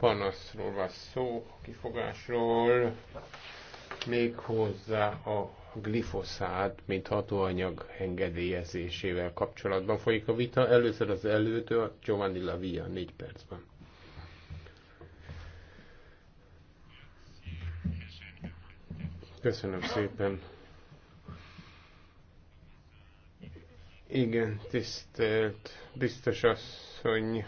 panaszról van szó, kifogásról, még hozzá a glifoszát, mint hatóanyag engedélyezésével kapcsolatban folyik a vita. Először az előtől Giovanni Lavia, négy percben. Köszönöm szépen. Igen, tisztelt biztos asszony,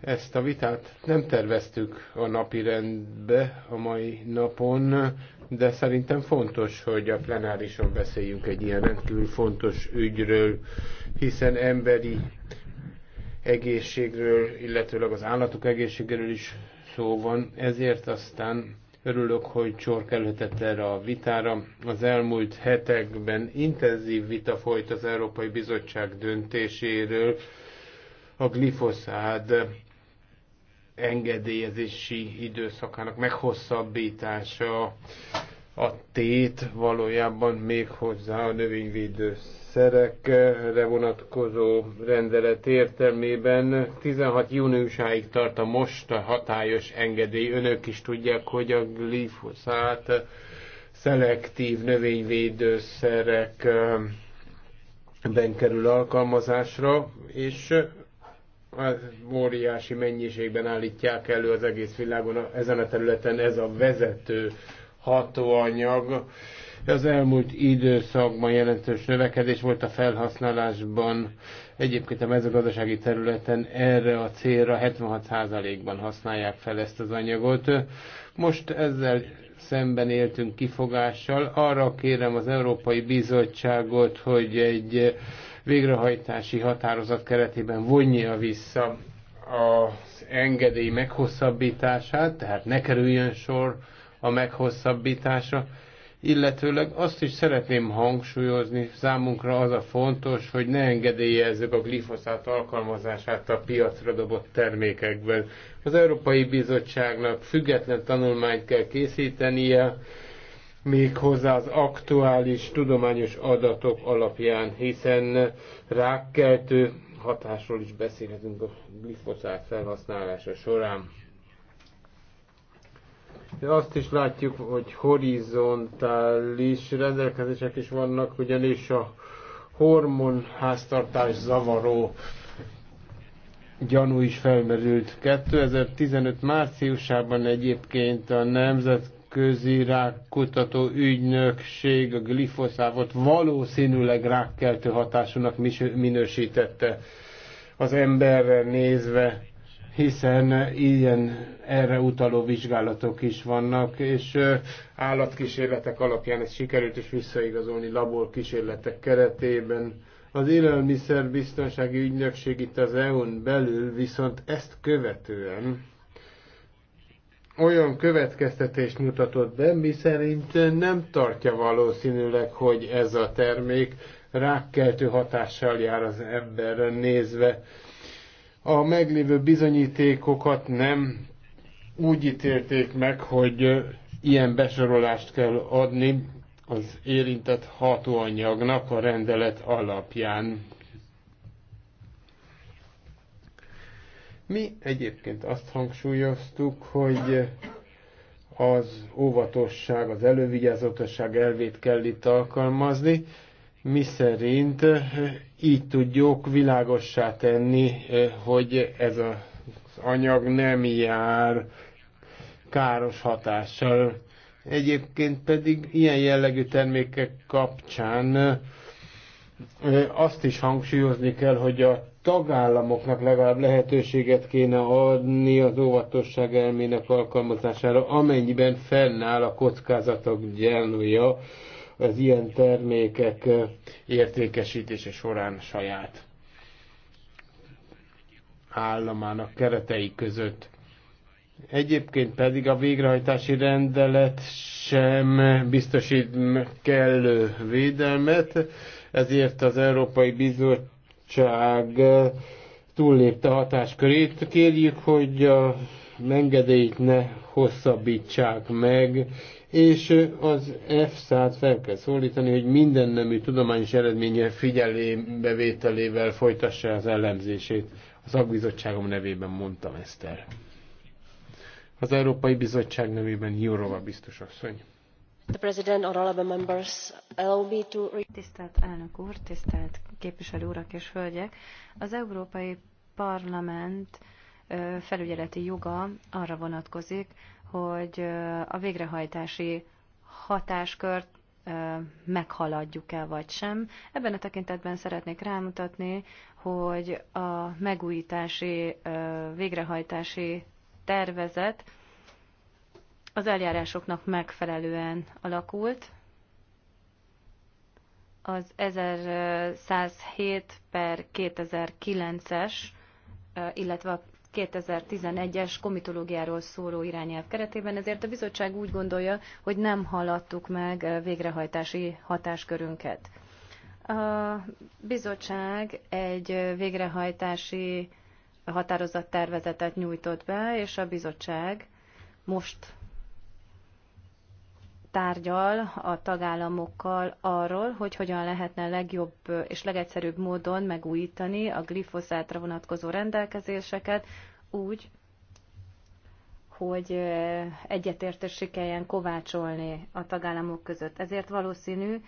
ezt a vitát nem terveztük a napi rendbe a mai napon, de szerintem fontos, hogy a plenárison beszéljünk egy ilyen rendkívül fontos ügyről, hiszen emberi egészségről, illetőleg az állatok egészségéről is szó van, ezért aztán örülök, hogy sor kerülhetett erre a vitára. Az elmúlt hetekben intenzív vita folyt az Európai Bizottság döntéséről, a glifoszád engedélyezési időszakának meghosszabbítása a tét valójában még hozzá a növényvédőszerekre vonatkozó rendelet értelmében 16 júniusáig tart a most hatályos engedély. Önök is tudják, hogy a glifoszát szelektív növényvédőszerekben kerül alkalmazásra, és óriási mennyiségben állítják elő az egész világon, ezen a területen ez a vezető hatóanyag. Az elmúlt időszakban jelentős növekedés volt a felhasználásban, egyébként a mezőgazdasági területen erre a célra 76%-ban használják fel ezt az anyagot. Most ezzel szemben éltünk kifogással. Arra kérem az Európai Bizottságot, hogy egy végrehajtási határozat keretében vonja vissza az engedély meghosszabbítását, tehát ne kerüljön sor a meghosszabbításra, illetőleg azt is szeretném hangsúlyozni, számunkra az a fontos, hogy ne engedélyezzük a glifoszát alkalmazását a piacra dobott termékekben. Az Európai Bizottságnak független tanulmányt kell készítenie, méghozzá az aktuális tudományos adatok alapján, hiszen rákkeltő hatásról is beszélhetünk a glifoszát felhasználása során. De azt is látjuk, hogy horizontális rendelkezések is vannak, ugyanis a hormon háztartás zavaró gyanú is felmerült. 2015 márciusában egyébként a Nemzet nemzetközi rákkutató ügynökség a glifoszávot valószínűleg rákkeltő hatásúnak minősítette az emberre nézve, hiszen ilyen erre utaló vizsgálatok is vannak, és állatkísérletek alapján ez sikerült is visszaigazolni kísérletek keretében. Az élelmiszerbiztonsági ügynökség itt az EU-n belül viszont ezt követően olyan következtetést mutatott be, miszerint nem tartja valószínűleg, hogy ez a termék rákkeltő hatással jár az emberre nézve. A meglévő bizonyítékokat nem úgy ítélték meg, hogy ilyen besorolást kell adni az érintett hatóanyagnak a rendelet alapján. Mi egyébként azt hangsúlyoztuk, hogy az óvatosság, az elővigyázatosság elvét kell itt alkalmazni, mi szerint így tudjuk világossá tenni, hogy ez az anyag nem jár káros hatással. Egyébként pedig ilyen jellegű termékek kapcsán azt is hangsúlyozni kell, hogy a tagállamoknak legalább lehetőséget kéne adni az óvatosság elmének alkalmazására, amennyiben fennáll a kockázatok gyanúja az ilyen termékek értékesítése során saját államának keretei között. Egyébként pedig a végrehajtási rendelet sem biztosít kellő védelmet, ezért az Európai Bizottság bizottság eh, túllépte hatáskörét. Kérjük, hogy a mengedélyt ne hosszabbítsák meg, és eh, az f t fel kell szólítani, hogy minden nemű tudományos eredménye figyelébevételével folytassa az ellenzését. A szakbizottságom nevében mondtam ezt el. Az Európai Bizottság nevében Jurova biztos asszony. Tisztelt elnök úr, tisztelt képviselő urak és hölgyek! Az Európai Parlament felügyeleti joga arra vonatkozik, hogy a végrehajtási hatáskört meghaladjuk-e vagy sem. Ebben a tekintetben szeretnék rámutatni, hogy a megújítási, végrehajtási tervezet az eljárásoknak megfelelően alakult. Az 1107 per 2009-es, illetve a 2011-es komitológiáról szóló irányelv keretében, ezért a bizottság úgy gondolja, hogy nem haladtuk meg végrehajtási hatáskörünket. A bizottság egy végrehajtási határozattervezetet nyújtott be, és a bizottság most tárgyal a tagállamokkal arról, hogy hogyan lehetne legjobb és legegyszerűbb módon megújítani a glifoszátra vonatkozó rendelkezéseket úgy, hogy eh, egyetértés sikerjen kovácsolni a tagállamok között. Ezért valószínű,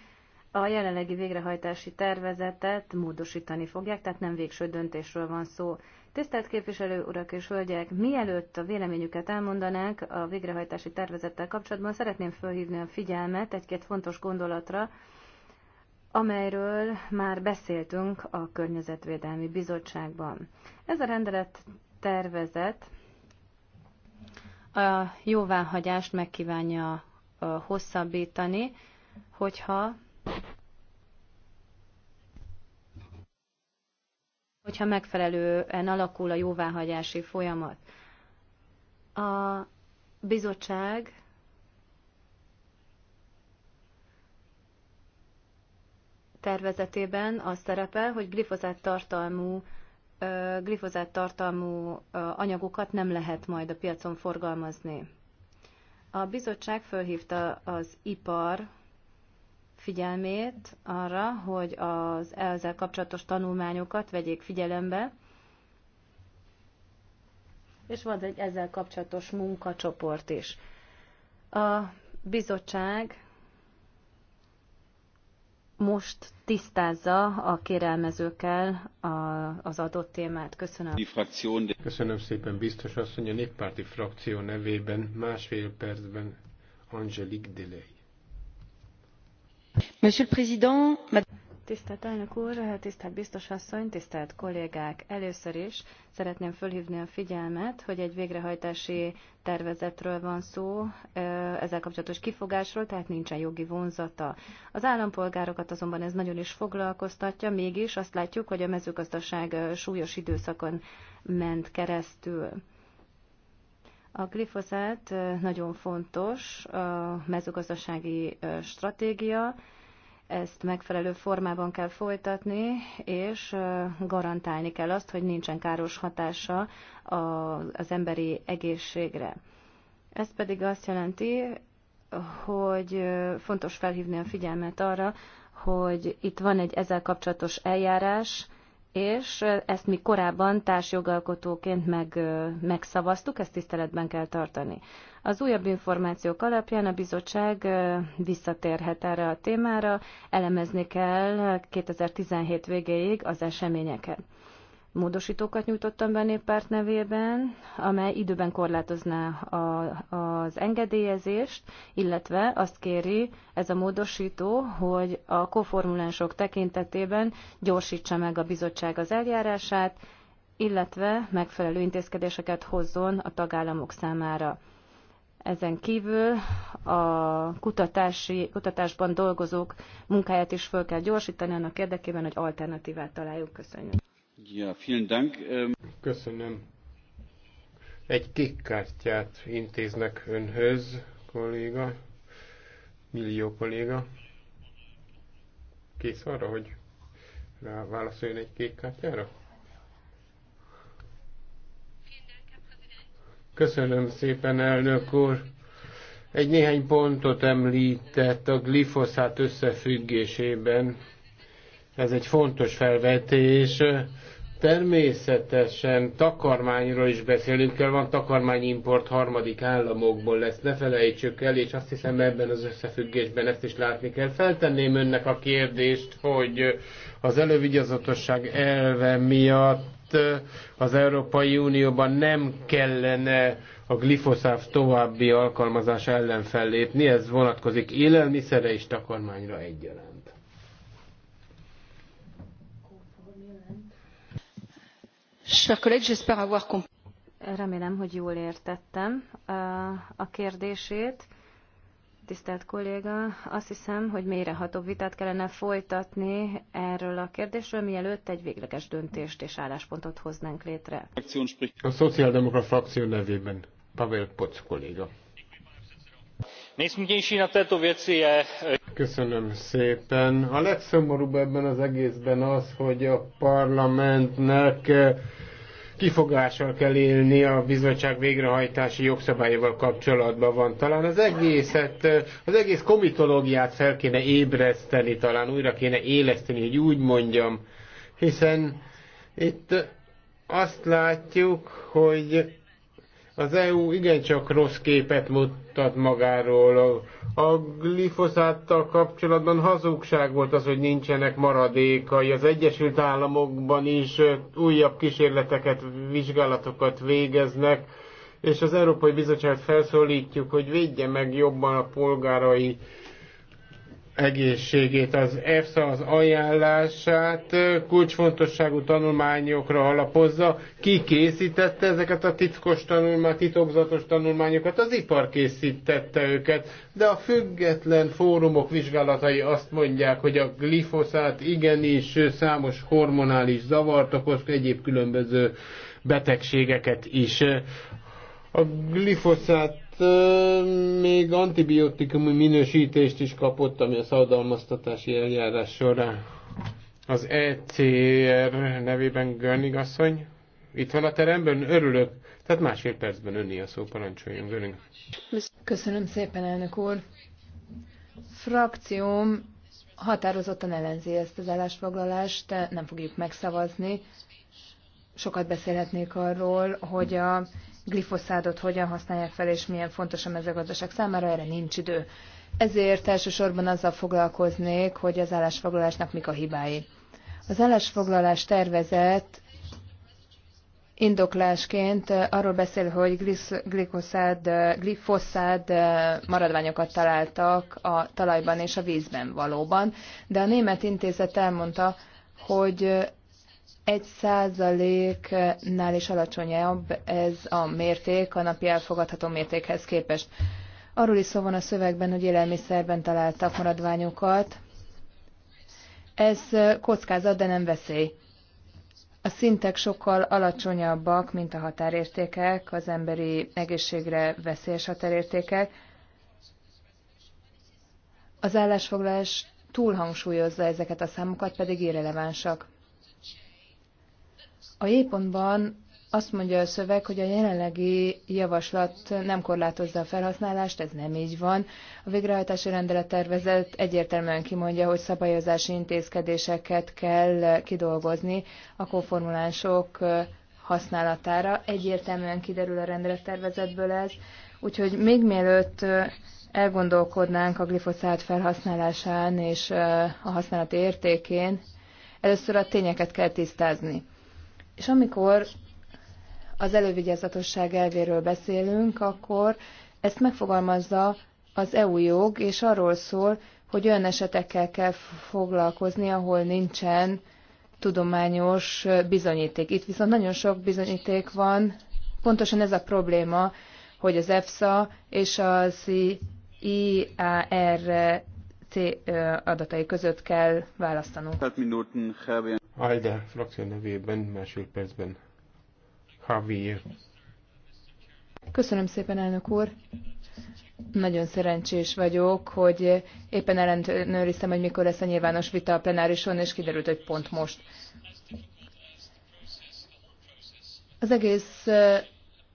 a jelenlegi végrehajtási tervezetet módosítani fogják, tehát nem végső döntésről van szó. Tisztelt képviselő urak és hölgyek, mielőtt a véleményüket elmondanánk a végrehajtási tervezettel kapcsolatban, szeretném felhívni a figyelmet egy-két fontos gondolatra, amelyről már beszéltünk a Környezetvédelmi Bizottságban. Ez a rendelet tervezet a jóváhagyást megkívánja hosszabbítani, hogyha hogyha megfelelően alakul a jóváhagyási folyamat. A bizottság tervezetében az szerepel, hogy glifozát tartalmú glifozát tartalmú anyagokat nem lehet majd a piacon forgalmazni. A bizottság fölhívta az ipar figyelmét arra, hogy az ezzel kapcsolatos tanulmányokat vegyék figyelembe, és van egy ezzel kapcsolatos munkacsoport is. A bizottság most tisztázza a kérelmezőkkel a, az adott témát. Köszönöm. Köszönöm szépen, biztos asszony, a néppárti frakció nevében másfél percben Angelique Delay. Monsieur le Président, Tisztelt elnök úr, tisztelt biztos asszony, tisztelt kollégák! Először is szeretném fölhívni a figyelmet, hogy egy végrehajtási tervezetről van szó, ezzel kapcsolatos kifogásról, tehát nincsen jogi vonzata. Az állampolgárokat azonban ez nagyon is foglalkoztatja, mégis azt látjuk, hogy a mezőgazdaság súlyos időszakon ment keresztül. A glifozát nagyon fontos a mezőgazdasági stratégia, ezt megfelelő formában kell folytatni, és garantálni kell azt, hogy nincsen káros hatása az emberi egészségre. Ez pedig azt jelenti, hogy fontos felhívni a figyelmet arra, hogy itt van egy ezzel kapcsolatos eljárás, és ezt mi korábban társjogalkotóként meg, megszavaztuk, ezt tiszteletben kell tartani. Az újabb információk alapján a bizottság visszatérhet erre a témára, elemezni kell 2017 végéig az eseményeket módosítókat nyújtottam be néppárt nevében, amely időben korlátozná a, az engedélyezést, illetve azt kéri ez a módosító, hogy a koformulánsok tekintetében gyorsítsa meg a bizottság az eljárását, illetve megfelelő intézkedéseket hozzon a tagállamok számára. Ezen kívül a kutatási, kutatásban dolgozók munkáját is fel kell gyorsítani annak érdekében, hogy alternatívát találjuk. Köszönjük. Ja, vielen Dank. Ähm, Köszönöm. Egy kékkártyát intéznek önhöz, kolléga, millió kolléga. Kész arra, hogy rá válaszoljon egy kékkártyára? Köszönöm szépen, elnök úr. Egy néhány pontot említett a glifoszát összefüggésében. Ez egy fontos felvetés. Természetesen takarmányról is beszélünk kell, van takarmányimport harmadik államokból lesz, ne felejtsük el, és azt hiszem ebben az összefüggésben ezt is látni kell. Feltenném önnek a kérdést, hogy az elővigyazatosság elve miatt az Európai Unióban nem kellene a glifoszáv további alkalmazás ellen fellépni, ez vonatkozik élelmiszerre és takarmányra egyaránt. Remélem, hogy jól értettem a kérdését. Tisztelt kolléga, azt hiszem, hogy mélyreható vitát kellene folytatni erről a kérdésről, mielőtt egy végleges döntést és álláspontot hoznánk létre. A Szociáldemokrat frakció nevében Pavel Poc kolléga. Eh, Köszönöm szépen. A legszomorúbb ebben az egészben az, hogy a parlamentnek eh, kifogással kell élni a bizottság végrehajtási jogszabályával kapcsolatban van. Talán az egészet, eh, az egész komitológiát fel kéne ébreszteni, talán újra kéne éleszteni, hogy úgy mondjam. Hiszen itt azt látjuk, hogy az EU igencsak rossz képet mutat magáról. A glifoszáttal kapcsolatban hazugság volt az, hogy nincsenek maradékai. Az Egyesült Államokban is újabb kísérleteket, vizsgálatokat végeznek, és az Európai Bizottságot felszólítjuk, hogy védje meg jobban a polgárai egészségét. Az EFSA az ajánlását kulcsfontosságú tanulmányokra alapozza. Ki készítette ezeket a titkos tanulmányokat, titokzatos tanulmányokat? Az ipar készítette őket, de a független fórumok vizsgálatai azt mondják, hogy a glifoszát igenis számos hormonális zavart okoz, egyéb különböző betegségeket is. A glifoszát még antibiotikum minősítést is kapott, ami a szabadalmaztatási eljárás során. Az ECR nevében Gönnig asszony, itt van a teremben, örülök. Tehát másfél percben önni a szó, parancsoljon Gönnig. Köszönöm szépen, elnök úr. Frakcióm határozottan ellenzi ezt az állásfoglalást, nem fogjuk megszavazni. Sokat beszélhetnék arról, hogy a glifoszádot hogyan használják fel, és milyen fontos a mezőgazdaság számára, erre nincs idő. Ezért elsősorban azzal foglalkoznék, hogy az állásfoglalásnak mik a hibái. Az állásfoglalás tervezett indoklásként arról beszél, hogy glifoszád, glifoszád maradványokat találtak a talajban és a vízben valóban, de a német intézet elmondta, hogy egy százaléknál is alacsonyabb ez a mérték a napi elfogadható mértékhez képest. Arról is szó van a szövegben, hogy élelmiszerben találtak maradványokat. Ez kockázat, de nem veszély. A szintek sokkal alacsonyabbak, mint a határértékek, az emberi egészségre veszélyes határértékek. Az állásfoglalás túlhangsúlyozza ezeket a számokat, pedig irrelevánsak. A J-pontban azt mondja a szöveg, hogy a jelenlegi javaslat nem korlátozza a felhasználást, ez nem így van. A végrehajtási rendelettervezet egyértelműen kimondja, hogy szabályozási intézkedéseket kell kidolgozni a konformulánsok használatára. Egyértelműen kiderül a tervezetből ez, úgyhogy még mielőtt elgondolkodnánk a glifoszát felhasználásán és a használati értékén, először a tényeket kell tisztázni. És amikor az elővigyázatosság elvéről beszélünk, akkor ezt megfogalmazza az EU jog, és arról szól, hogy olyan esetekkel kell foglalkozni, ahol nincsen tudományos bizonyíték. Itt viszont nagyon sok bizonyíték van. Pontosan ez a probléma, hogy az EFSA és az IARC adatai között kell választanunk. ALDE frakció nevében másfél percben Javier. Köszönöm szépen, elnök úr! Nagyon szerencsés vagyok, hogy éppen ellenőriztem, hogy mikor lesz a nyilvános vita a plenárison, és kiderült, hogy pont most. Az egész eh,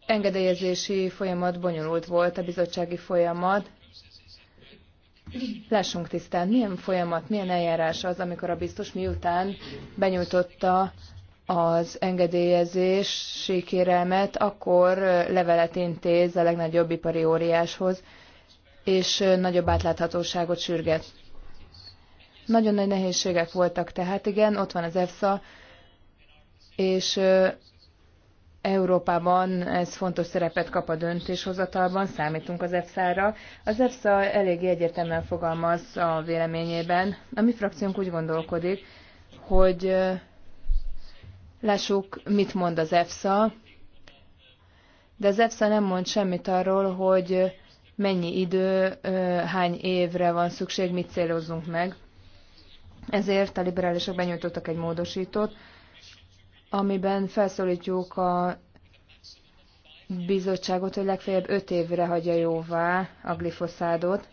engedélyezési folyamat bonyolult volt, a bizottsági folyamat, Lássunk tisztán, milyen folyamat, milyen eljárás az, amikor a biztos miután benyújtotta az engedélyezési kérelmet, akkor levelet intéz a legnagyobb ipari óriáshoz, és nagyobb átláthatóságot sürget. Nagyon nagy nehézségek voltak tehát, igen, ott van az EFSA, és Európában ez fontos szerepet kap a döntéshozatalban, számítunk az EFSA-ra. Az EFSA eléggé egyértelműen fogalmaz a véleményében. A mi frakciónk úgy gondolkodik, hogy lássuk, mit mond az EFSA, de az EFSA nem mond semmit arról, hogy mennyi idő, hány évre van szükség, mit célozzunk meg. Ezért a liberálisok benyújtottak egy módosítót, amiben felszólítjuk a bizottságot, hogy legfeljebb öt évre hagyja jóvá a glifoszádot,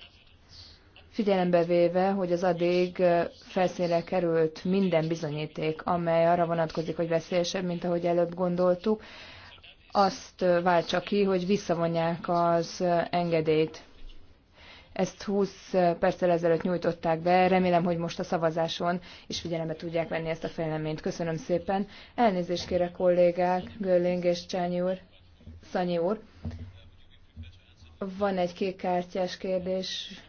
figyelembe véve, hogy az addig felszínre került minden bizonyíték, amely arra vonatkozik, hogy veszélyesebb, mint ahogy előbb gondoltuk, azt váltsa ki, hogy visszavonják az engedélyt. Ezt 20 perccel ezelőtt nyújtották be, remélem, hogy most a szavazáson is figyelembe tudják venni ezt a fejleményt. Köszönöm szépen. Elnézést kérek kollégák, Gölling és Csányi úr, Szanyi úr. Van egy kékkártyás kérdésük.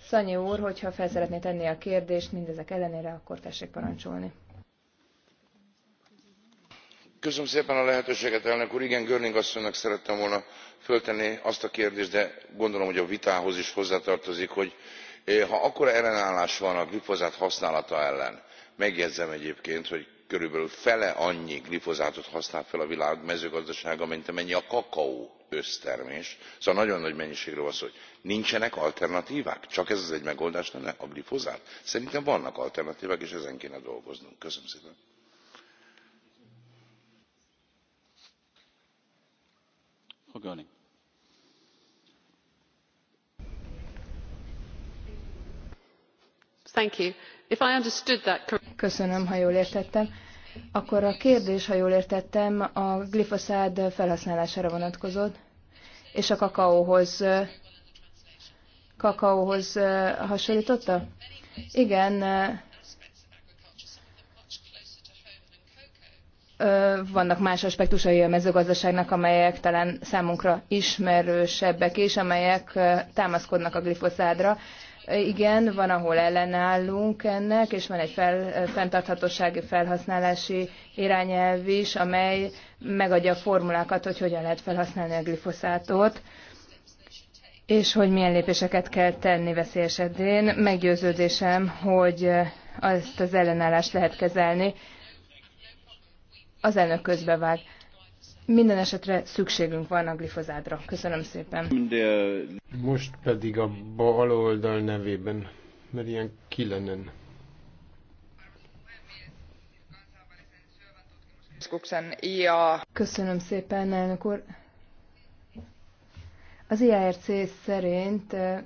Szanyi úr, hogyha fel szeretné tenni a kérdést mindezek ellenére, akkor tessék parancsolni igen girling asszonynak szerettem volna föltenni azt a kérdést de gondolom hogy a vitához is hozzátartozik hogy eh, ha akkora ellenállás van a glifozát használata ellen megjegyzem egyébként hogy körülbelül fele annyi glifozátot használ fel a világ mezőgazdasága mint amennyi a kakaó össztermés szóval nagyon nagy mennyiségről van szó nincsenek alternatvák? csak ez az egy megoldás lenne a glifozát? szerintem vannak alternatvák és ezen kéne dolgoznunk. köszönöm szépen! köszönöm ha jól értettem akkor a kérdés ha jól értettem a glifoszád felhasználására vonatkozott és a kakaóhoz kakaóhoz eh, hasonlította? Igen, eh, vannak más aspektusai a mezőgazdaságnak, amelyek talán számunkra ismerősebbek és amelyek támaszkodnak a glifoszádra. Igen, van, ahol ellenállunk ennek, és van egy fel, fenntarthatósági felhasználási irányelv is, amely megadja a formulákat, hogy hogyan lehet felhasználni a glifoszátot, és hogy milyen lépéseket kell tenni veszély esetén. Meggyőződésem, hogy azt az ellenállást lehet kezelni, az elnök közbevág. Minden esetre szükségünk van a glifozádra. Köszönöm szépen. Most pedig a bal oldal nevében, mert ilyen kilenen. Köszönöm szépen, elnök úr. Az IARC szerint eh,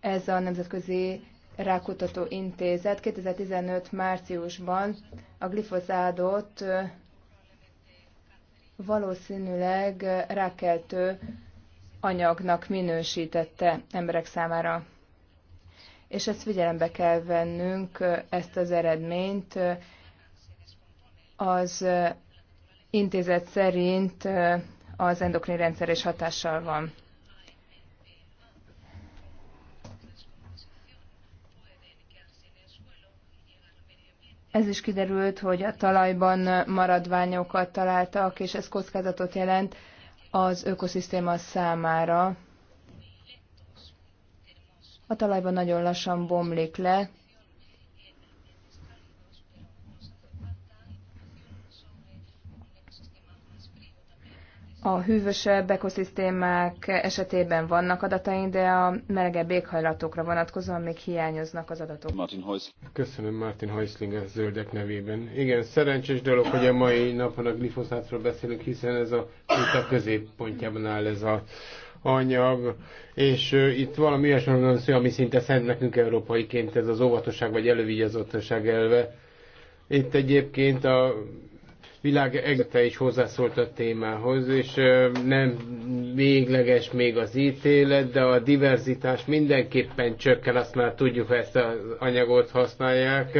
ez a Nemzetközi Rákutató Intézet 2015 márciusban a glifozádot eh, valószínűleg rákeltő anyagnak minősítette emberek számára. És ezt figyelembe kell vennünk, ezt az eredményt. Az intézet szerint az endokrin rendszer is hatással van. Ez is kiderült, hogy a talajban maradványokat találtak, és ez kockázatot jelent az ökoszisztéma számára. A talajban nagyon lassan bomlik le, a hűvösebb ekoszisztémák esetében vannak adataink, de a melegebb éghajlatokra vonatkozóan még hiányoznak az adatok. Martin Heus. Köszönöm Martin Heusling a zöldek nevében. Igen, szerencsés dolog, hogy a mai napon a glifoszátról beszélünk, hiszen ez a, a középpontjában áll ez a anyag, és uh, itt valami olyasmiről van szó, ami szinte szent nekünk európaiként, ez az óvatosság vagy elővigyazottság elve. Itt egyébként a világ egte is hozzászólt a témához, és nem végleges még az ítélet, de a diverzitás mindenképpen csökken, azt már tudjuk, ha ezt az anyagot használják.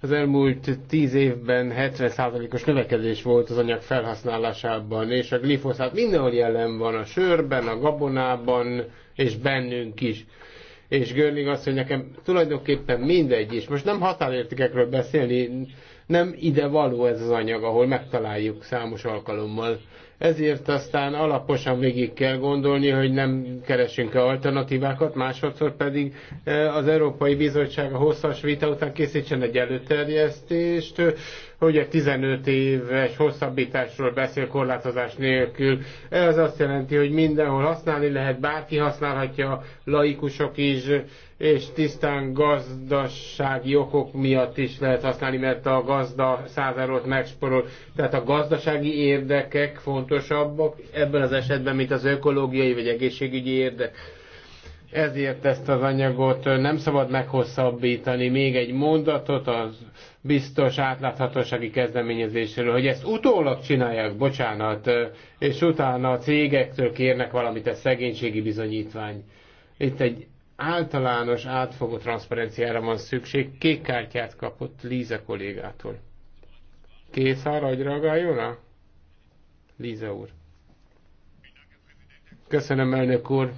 Az elmúlt tíz évben 70%-os növekedés volt az anyag felhasználásában, és a glifoszát mindenhol jelen van, a sörben, a gabonában, és bennünk is és Görling azt, hogy nekem tulajdonképpen mindegy is. Most nem határértékekről beszélni nem ide való ez az anyag, ahol megtaláljuk számos alkalommal. Ezért aztán alaposan végig kell gondolni, hogy nem keresünk-e alternatívákat, másodszor pedig eh, az Európai Bizottság a hosszas vita után készítsen egy előterjesztést, eh, hogy 15 éves hosszabbításról beszél korlátozás nélkül. Ez azt jelenti, hogy mindenhol használni lehet, bárki használhatja, laikusok is, és tisztán gazdasági okok miatt is lehet használni, mert a gazda százárót megsporol. Tehát a gazdasági érdekek fontosabbak ebben az esetben, mint az ökológiai vagy egészségügyi érdek. Ezért ezt az anyagot nem szabad meghosszabbítani. Még egy mondatot az biztos átláthatósági kezdeményezésről, hogy ezt utólag csinálják, bocsánat, és utána a cégektől kérnek valamit, ez szegénységi bizonyítvány. Itt egy általános átfogó transzparenciára van szükség. Kék kártyát kapott Líza kollégától. Kész arra, hogy reagáljon -e? Líza úr. Köszönöm, elnök úr.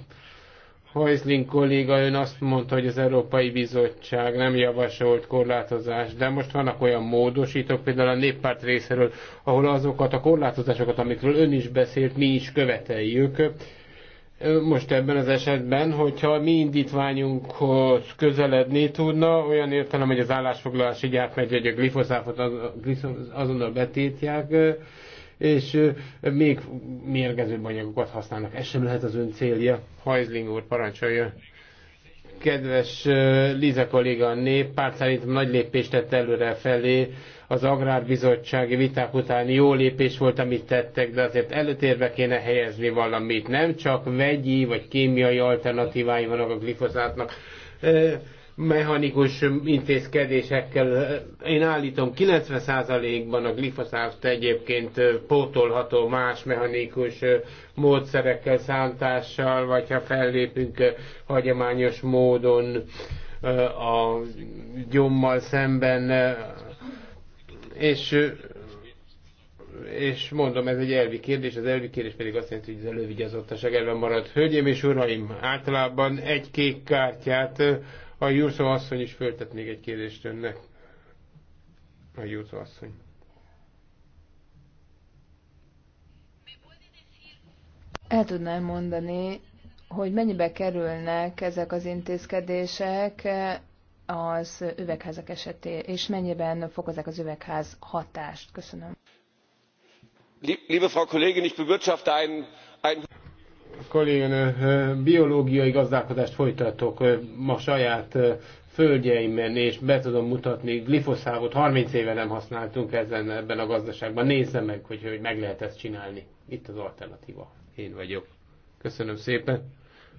Heusling kolléga ön azt mondta, hogy az Európai Bizottság nem javasolt korlátozást, de most vannak olyan módosítók, például a néppárt részéről, ahol azokat a korlátozásokat, amikről ön is beszélt, mi is követeljük most ebben az esetben, hogyha mi indítványunkhoz közeledni tudna, olyan értelem, hogy az állásfoglalás így átmegy, hogy a glifoszáfot azonnal betétják, és még mérgezőbb anyagokat használnak. Ez sem lehet az ön célja. Hajzling úr, parancsolja. Kedves Liza kolléga, a néppárt szerintem nagy lépést tett előre felé, az Agrárbizottsági viták után jó lépés volt, amit tettek, de azért előtérbe kéne helyezni valamit. Nem csak vegyi vagy kémiai alternatívái vannak a glifozátnak, mechanikus intézkedésekkel. Én állítom, 90%-ban a glifoszát egyébként pótolható más mechanikus módszerekkel, szántással, vagy ha fellépünk hagyományos módon a gyommal szemben és, és mondom, ez egy elvi kérdés, az elvi kérdés pedig azt jelenti, hogy az elővigyázatosság elben maradt. Hölgyeim és uraim, általában egy kék kártyát, a Jurszó asszony is föltett még egy kérdést önnek. A Jurszó asszony. El tudnám mondani, hogy mennyibe kerülnek ezek az intézkedések, az üvegházak esetén, és mennyiben fokozzák az üvegház hatást? Köszönöm. Liebe Frau Kollegin, ich bewirtschafte ein, ein biológiai gazdálkodást folytatok ma saját földjeimen, és be tudom mutatni, glifoszávot 30 éve nem használtunk ezen, ebben a gazdaságban. Nézze meg, hogy, hogy meg lehet ezt csinálni. Itt az alternatíva. Én vagyok. Köszönöm szépen.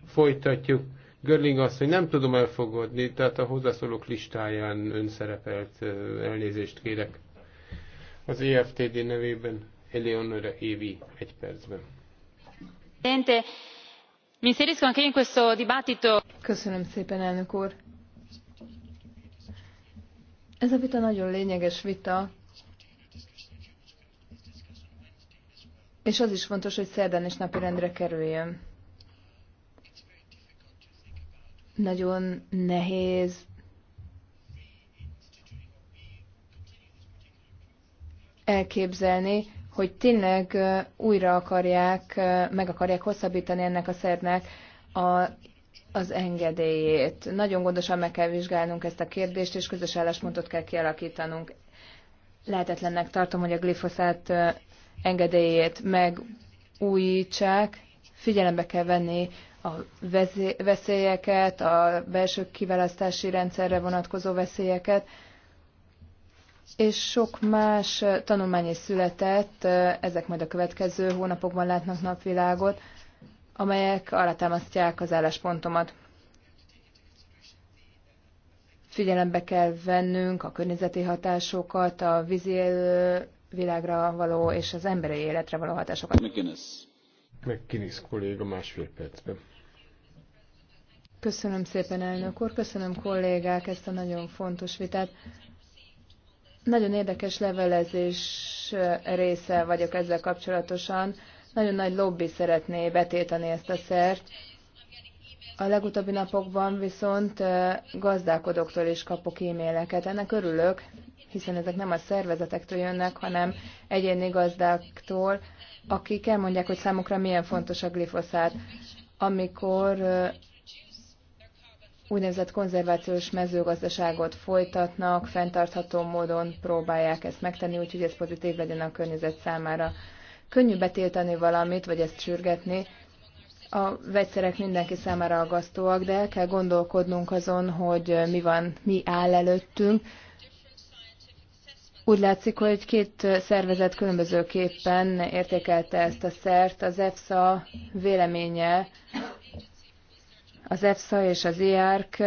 Folytatjuk. Görling azt, hogy nem tudom elfogadni, tehát a hozzászólók listáján ön szerepelt, elnézést kérek. Az EFTD nevében Eleonora Évi egy percben. Köszönöm szépen, elnök úr. Ez a vita nagyon lényeges vita, és az is fontos, hogy szerdán is napirendre kerüljön. nagyon nehéz elképzelni, hogy tényleg újra akarják, meg akarják hosszabbítani ennek a szernek a, az engedélyét. Nagyon gondosan meg kell vizsgálnunk ezt a kérdést, és közös álláspontot kell kialakítanunk. Lehetetlennek tartom, hogy a glifoszát engedélyét megújítsák. Figyelembe kell venni a veszélyeket, a belső kiválasztási rendszerre vonatkozó veszélyeket, és sok más tanulmány is született, ezek majd a következő hónapokban látnak napvilágot, amelyek alátámasztják az álláspontomat. Figyelembe kell vennünk a környezeti hatásokat, a vízi világra való és az emberi életre való hatásokat. McGinnis meg Kinisz kolléga másfél percben. Köszönöm szépen, elnök úr, köszönöm kollégák ezt a nagyon fontos vitát. Nagyon érdekes levelezés része vagyok ezzel kapcsolatosan. Nagyon nagy lobby szeretné betétani ezt a szert. A legutóbbi napokban viszont gazdálkodóktól is kapok e-maileket. Ennek örülök, hiszen ezek nem a szervezetektől jönnek, hanem egyéni gazdáktól, akik elmondják, hogy számukra milyen fontos a glifoszát, amikor úgynevezett konzervációs mezőgazdaságot folytatnak, fenntartható módon próbálják ezt megtenni, úgyhogy ez pozitív legyen a környezet számára. Könnyű betiltani valamit, vagy ezt sürgetni. A vegyszerek mindenki számára aggasztóak, de el kell gondolkodnunk azon, hogy mi van, mi áll előttünk, úgy látszik, hogy két szervezet különbözőképpen értékelte ezt a szert. Az EFSA véleménye, az EFSA és az IARC,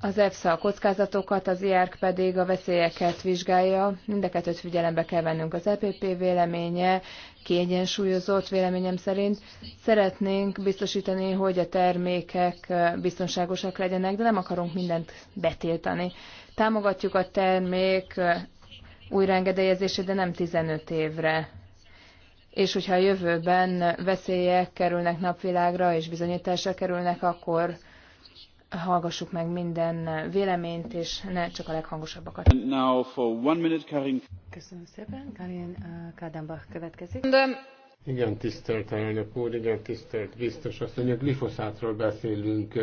az EFSA a kockázatokat, az IARC pedig a veszélyeket vizsgálja. Mind figyelembe kell vennünk. Az EPP véleménye kiegyensúlyozott véleményem szerint. Szeretnénk biztosítani, hogy a termékek biztonságosak legyenek, de nem akarunk mindent betiltani. Támogatjuk a termék újraengedélyezése, de nem 15 évre. És hogyha a jövőben veszélyek kerülnek napvilágra és bizonyításra kerülnek, akkor hallgassuk meg minden véleményt, és ne csak a leghangosabbakat. Now for one minute, Karin. Köszönöm szépen. Karin uh, következik. De... Igen, tisztelt elnök úr, igen, tisztelt biztos hogy a glifoszátról beszélünk uh,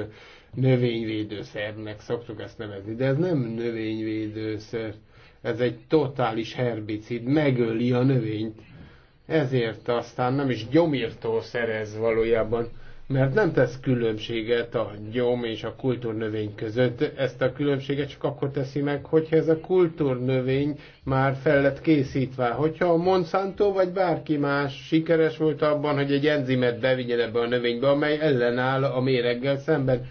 növényvédőszernek, szoktuk ezt nevezni, de ez nem növényvédőszer. Ez egy totális herbicid, megöli a növényt. Ezért aztán nem is gyomírtószer ez valójában, mert nem tesz különbséget a gyom és a kultúrnövény között. Ezt a különbséget csak akkor teszi meg, hogyha ez a kultúrnövény már fel lett készítve. Hogyha a Monsanto vagy bárki más sikeres volt abban, hogy egy enzimet bevigyen ebbe a növénybe, amely ellenáll a méreggel szemben,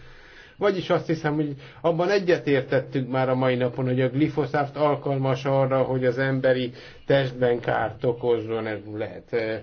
vagyis azt hiszem, hogy abban egyetértettünk már a mai napon, hogy a glifoszát alkalmas arra, hogy az emberi testben kárt okozzon, ez lehet eh,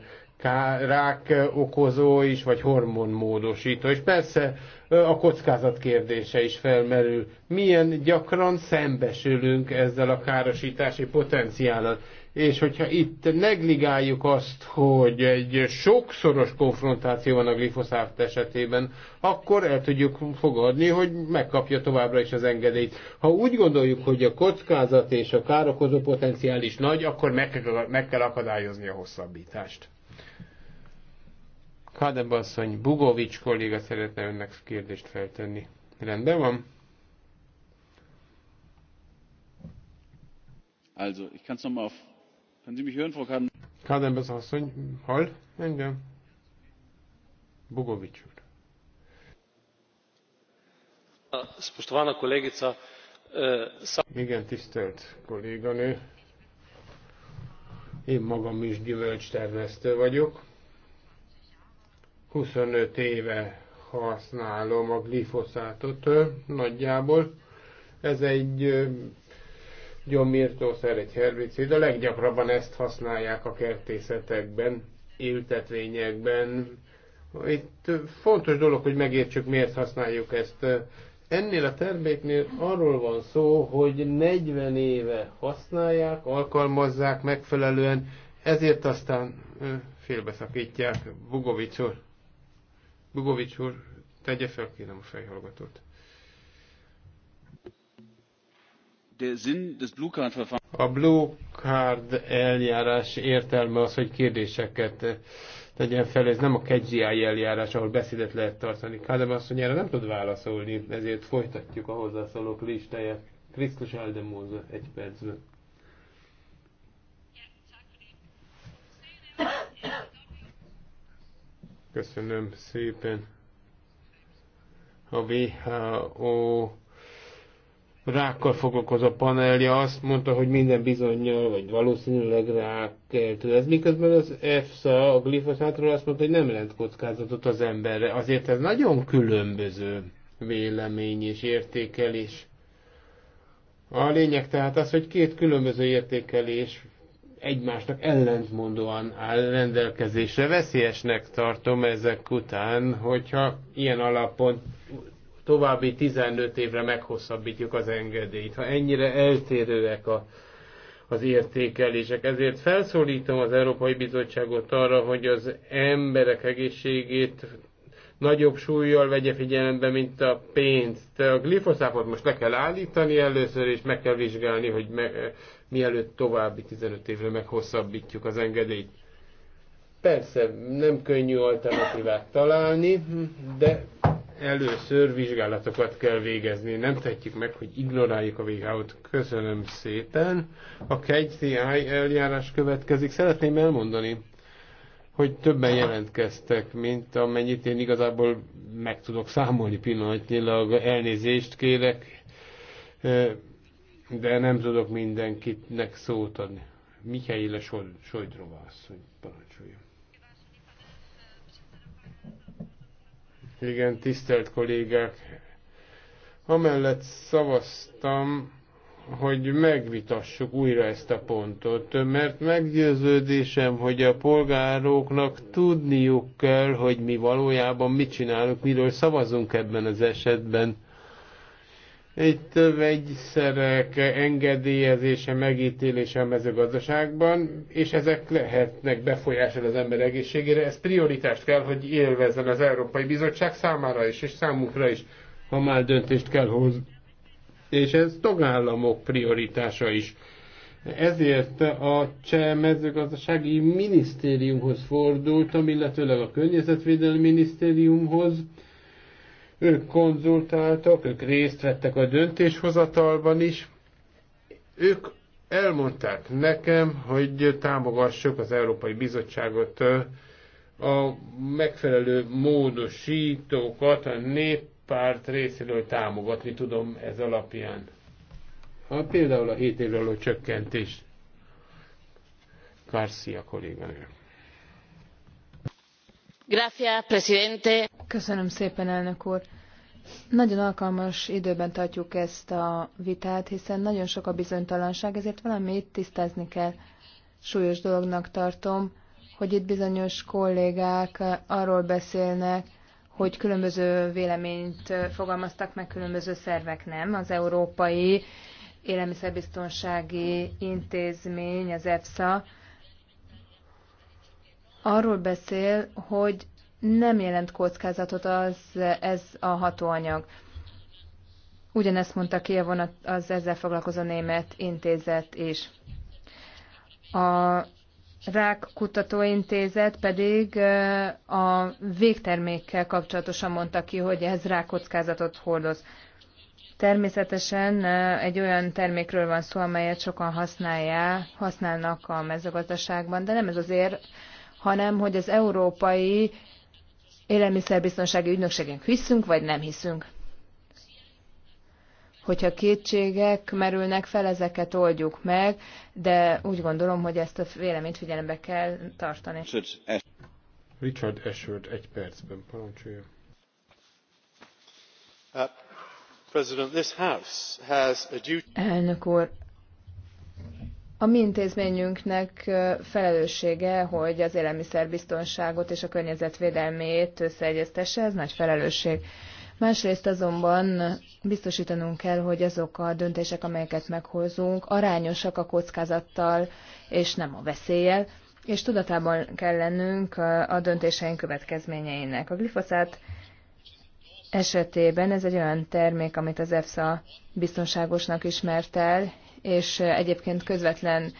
rák okozó is, vagy hormonmódosító. És persze eh, a kockázat kérdése is felmerül. Milyen gyakran szembesülünk ezzel a károsítási potenciállal? És hogyha itt negligáljuk azt, hogy egy sokszoros konfrontáció van a glifoszát esetében, akkor el tudjuk fogadni, hogy megkapja továbbra is az engedélyt. Ha úgy gondoljuk, hogy a kockázat és a károkozó potenciál is nagy, akkor meg kell, meg kell akadályozni a hosszabbítást. Kádebb asszony, Bugovics kolléga szeretne önnek kérdést feltenni. Rendben van? Also, ich kann es nochmal auf Können Sie mich hören, Frau Kaden? Kádembez asszony, hall engem? Bogovics úr. Spoštovana kollégica. Eh, igen, tisztelt kolléganő. Én magam is gyümölcstermesztő vagyok. 25 éve használom a glifoszátot eh, nagyjából. Ez egy eh, gyomírtószer, egy herbicid, a leggyakrabban ezt használják a kertészetekben, ültetvényekben. Itt fontos dolog, hogy megértsük, miért használjuk ezt. Ennél a terméknél arról van szó, hogy 40 éve használják, alkalmazzák megfelelően, ezért aztán félbeszakítják. Bugovics úr, Bugovics úr, tegye fel kérem a fejhallgatót. A Blue Card eljárás értelme az, hogy kérdéseket tegyen fel, ez nem a KGI eljárás, ahol beszédet lehet tartani. Kádem azt mondja, erre nem tud válaszolni, ezért folytatjuk a hozzászólók listáját. Krisztus Aldemóza egy percben. Köszönöm szépen. A WHO rákkal foglalkozó panelja azt mondta, hogy minden bizonyal, vagy valószínűleg rákkeltő. Ez miközben az EFSA a glifoszátról azt mondta, hogy nem jelent kockázatot az emberre. Azért ez nagyon különböző vélemény és értékelés. A lényeg tehát az, hogy két különböző értékelés egymásnak ellentmondóan áll rendelkezésre. Veszélyesnek tartom ezek után, hogyha ilyen alapon további 15 évre meghosszabbítjuk az engedélyt. Ha ennyire eltérőek a, az értékelések. Ezért felszólítom az Európai Bizottságot arra, hogy az emberek egészségét nagyobb súlyjal vegye figyelembe, mint a pénzt. A glifoszápot most le kell állítani először, és meg kell vizsgálni, hogy me, mielőtt további 15 évre meghosszabbítjuk az engedélyt. Persze, nem könnyű alternatívát találni, de először vizsgálatokat kell végezni. Nem tehetjük meg, hogy ignoráljuk a WHO-t. Köszönöm szépen. A KCI e eljárás következik. Szeretném elmondani, hogy többen jelentkeztek, mint amennyit én igazából meg tudok számolni pillanatnyilag. Elnézést kérek, de nem tudok mindenkinek szót adni. Mihály Sojdrova asszony parancsoljon. Igen, tisztelt kollégák, amellett szavaztam, hogy megvitassuk újra ezt a pontot, mert meggyőződésem, hogy a polgároknak tudniuk kell, hogy mi valójában mit csinálunk, miről szavazunk ebben az esetben több egyszerek engedélyezése, megítélése a mezőgazdaságban, és ezek lehetnek befolyással az ember egészségére. Ez prioritást kell, hogy élvezzen az Európai Bizottság számára is, és számukra is, ha már döntést kell hozni. És ez tagállamok prioritása is. Ezért a cseh mezőgazdasági minisztériumhoz fordultam, illetőleg a környezetvédelmi minisztériumhoz, ők konzultáltak, ők részt vettek a döntéshozatalban is. Ők elmondták nekem, hogy támogassuk az Európai Bizottságot a megfelelő módosítókat a néppárt részéről támogatni tudom ez alapján. Ha például a 7 évről csökkentés. Garcia kolléganőm. Köszönöm szépen, elnök úr. Nagyon alkalmas időben tartjuk ezt a vitát, hiszen nagyon sok a bizonytalanság, ezért valamit tisztázni kell. Súlyos dolognak tartom, hogy itt bizonyos kollégák arról beszélnek, hogy különböző véleményt fogalmaztak meg különböző szervek, nem? Az Európai Élelmiszerbiztonsági Intézmény, az EFSA arról beszél, hogy nem jelent kockázatot az, ez a hatóanyag. Ugyanezt mondta ki a vonat, az ezzel foglalkozó német intézet is. A Rák Kutatóintézet pedig a végtermékkel kapcsolatosan mondta ki, hogy ez rák kockázatot hordoz. Természetesen egy olyan termékről van szó, amelyet sokan használják, használnak a mezőgazdaságban, de nem ez azért hanem hogy az európai élelmiszerbiztonsági ügynökségen hiszünk, vagy nem hiszünk. Hogyha kétségek merülnek fel, ezeket oldjuk meg, de úgy gondolom, hogy ezt a véleményt figyelembe kell tartani. Richard Ashford egy percben parancsolja. Uh, President, this house has a duty... Elnök úr, a mi intézményünknek felelőssége, hogy az élelmiszerbiztonságot és a környezetvédelmét összeegyeztesse, ez nagy felelősség. Másrészt azonban biztosítanunk kell, hogy azok a döntések, amelyeket meghozunk, arányosak a kockázattal és nem a veszéllyel, és tudatában kell lennünk a döntéseink következményeinek. A glifoszát esetében ez egy olyan termék, amit az EFSA biztonságosnak ismert el, és egyébként közvetlen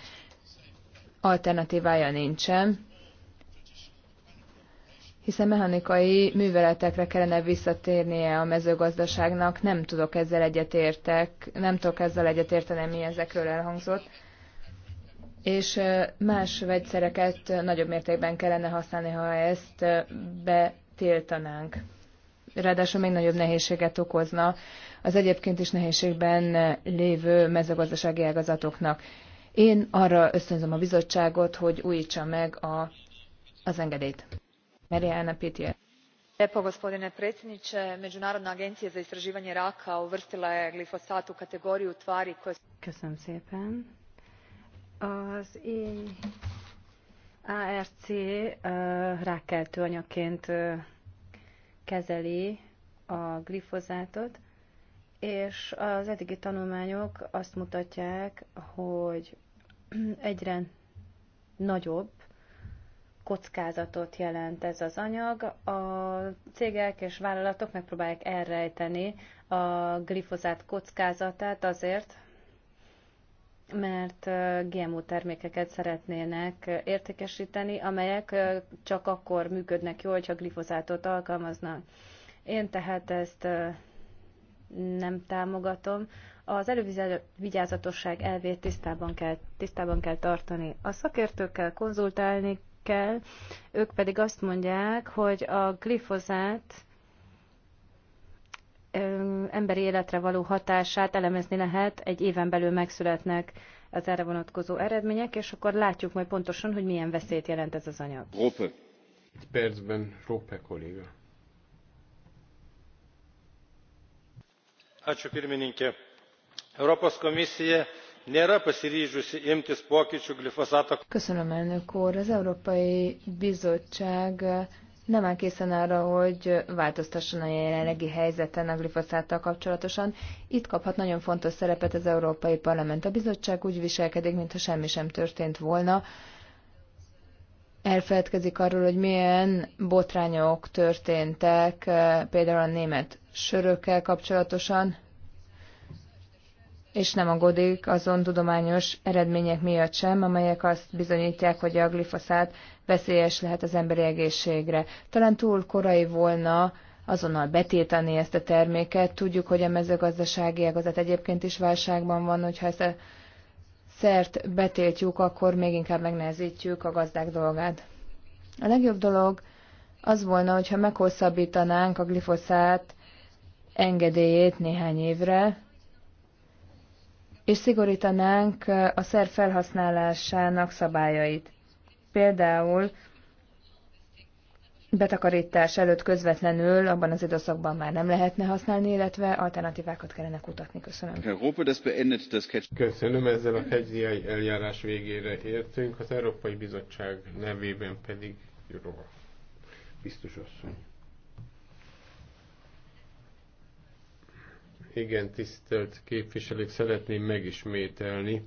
alternatívája nincsen, hiszen mechanikai műveletekre kellene visszatérnie a mezőgazdaságnak, nem tudok ezzel egyetértek, nem tudok ezzel egyetérteni, mi ezekről elhangzott, és más vegyszereket nagyobb mértékben kellene használni, ha ezt betiltanánk ráadásul még nagyobb nehézséget okozna az egyébként is nehézségben lévő mezőgazdasági ágazatoknak. Én arra ösztönzöm a bizottságot, hogy újítsa meg a, az engedélyt. Mariana Lepo, gospodine predsjedniče, Međunarodna agencija za istraživanje raka uvrstila je glifosat u kategoriju tvari koje Köszönöm szépen. Az I... ARC uh, rákkeltő anyaként uh, kezeli a glifozátot, és az eddigi tanulmányok azt mutatják, hogy egyre nagyobb kockázatot jelent ez az anyag. A cégek és vállalatok megpróbálják elrejteni a glifozát kockázatát azért, mert GMO termékeket szeretnének értékesíteni, amelyek csak akkor működnek jól, ha glifozátot alkalmaznak. Én tehát ezt nem támogatom. Az elővigyázatosság elvét tisztában kell, tisztában kell tartani. A szakértőkkel konzultálni kell, ők pedig azt mondják, hogy a glifozát emberi életre való hatását elemezni lehet, egy éven belül megszületnek az erre vonatkozó eredmények, és akkor látjuk majd pontosan, hogy milyen veszélyt jelent ez az anyag. Rope. Egy percben Rope kolléga. Ačiū pirmininkė. Europos komisija nėra pasiryžusi imtis pokyčių glifosato. Köszönöm, elnök úr. Az Európai Bizottság nem áll készen arra, hogy változtasson a jelenlegi helyzeten a glifoszáttal kapcsolatosan. Itt kaphat nagyon fontos szerepet az Európai Parlament. A bizottság úgy viselkedik, mintha semmi sem történt volna. Elfeledkezik arról, hogy milyen botrányok történtek, eh, például a német sörökkel kapcsolatosan, és nem aggódik azon tudományos eredmények miatt sem, amelyek azt bizonyítják, hogy a glifoszát veszélyes lehet az emberi egészségre. Talán túl korai volna azonnal betétani ezt a terméket. Tudjuk, hogy a mezőgazdasági ágazat egyébként is válságban van, hogyha ezt a szert betiltjuk, akkor még inkább megnehezítjük a gazdák dolgát. A legjobb dolog az volna, hogyha meghosszabbítanánk a glifoszát engedélyét néhány évre, és szigorítanánk a szer felhasználásának szabályait. Például betakarítás előtt közvetlenül abban az időszakban már nem lehetne használni, illetve alternatívákat kellene kutatni. Köszönöm. Köszönöm, ezzel a hegyziai eljárás végére értünk, az Európai Bizottság nevében pedig Jurova. Biztos asszony. Igen, tisztelt képviselők, szeretném megismételni,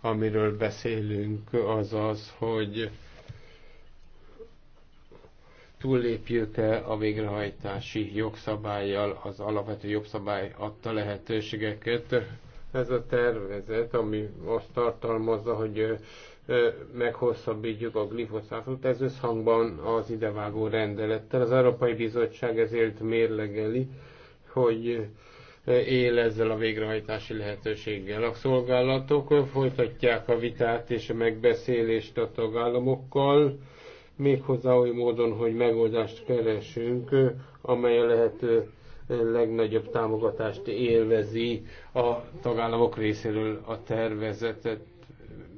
amiről beszélünk, az az, hogy túllépjük-e a végrehajtási jogszabályjal az alapvető jogszabály adta lehetőségeket. Ez a tervezet, ami azt tartalmazza, hogy meghosszabbítjuk a glifoszátot, ez összhangban az idevágó rendelettel. Az Európai Bizottság ezért mérlegeli, hogy él ezzel a végrehajtási lehetőséggel. A szolgálatok folytatják a vitát és a megbeszélést a tagállamokkal, méghozzá oly módon, hogy megoldást keresünk, amely a lehető legnagyobb támogatást élvezi a tagállamok részéről a tervezetet,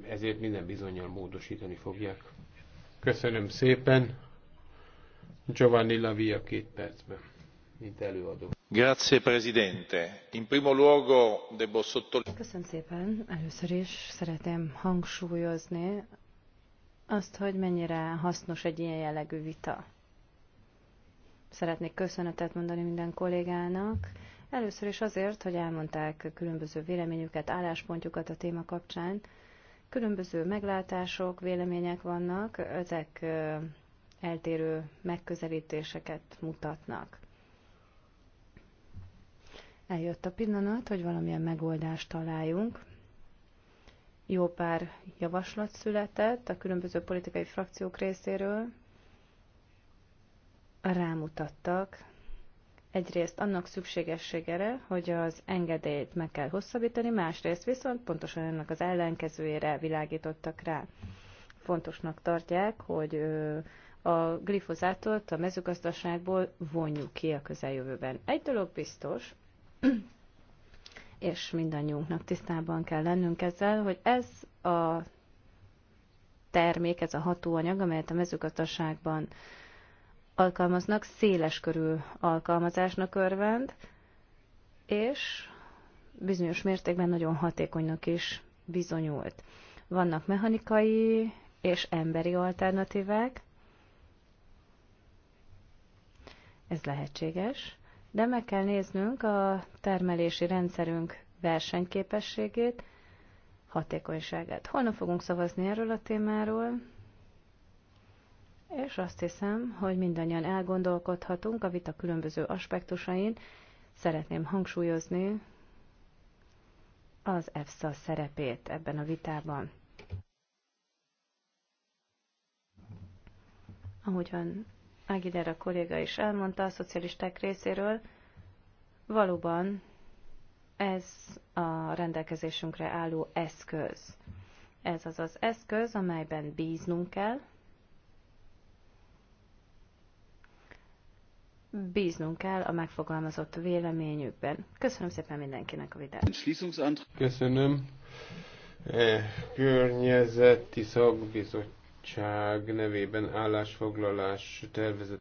ezért minden bizonyal módosítani fogják. Köszönöm szépen. Giovanni Lavia két percben, mint előadó. Grazie Presidente. In primo luogo debbo sottolineare. Köszönöm szépen. Először is szeretném hangsúlyozni azt, hogy mennyire hasznos egy ilyen jellegű vita. Szeretnék köszönetet mondani minden kollégának. Először is azért, hogy elmondták különböző véleményüket, álláspontjukat a téma kapcsán. Különböző meglátások, vélemények vannak, ezek eltérő megközelítéseket mutatnak. Eljött a pillanat, hogy valamilyen megoldást találjunk, jó pár javaslat született a különböző politikai frakciók részéről. Rámutattak egyrészt annak szükségességére, hogy az engedélyt meg kell hosszabbítani, másrészt viszont pontosan ennek az ellenkezőjére világítottak rá. Fontosnak tartják, hogy a glifozátot a mezőgazdaságból vonjuk ki a közeljövőben. Egy dolog biztos, és mindannyiunknak tisztában kell lennünk ezzel, hogy ez a termék, ez a hatóanyag, amelyet a mezőgazdaságban alkalmaznak, széles körű alkalmazásnak örvend, és bizonyos mértékben nagyon hatékonynak is bizonyult. Vannak mechanikai és emberi alternatívák, ez lehetséges de meg kell néznünk a termelési rendszerünk versenyképességét, hatékonyságát. Holnap fogunk szavazni erről a témáról, és azt hiszem, hogy mindannyian elgondolkodhatunk a vita különböző aspektusain. Szeretném hangsúlyozni az EFSA szerepét ebben a vitában. Ahogyan a kolléga is elmondta a szocialisták részéről, valóban ez a rendelkezésünkre álló eszköz. Ez az az eszköz, amelyben bíznunk kell. Bíznunk kell a megfogalmazott véleményükben. Köszönöm szépen mindenkinek a videót. Köszönöm. E, környezeti szakbizottság bizottság nevében állásfoglalás tervezett.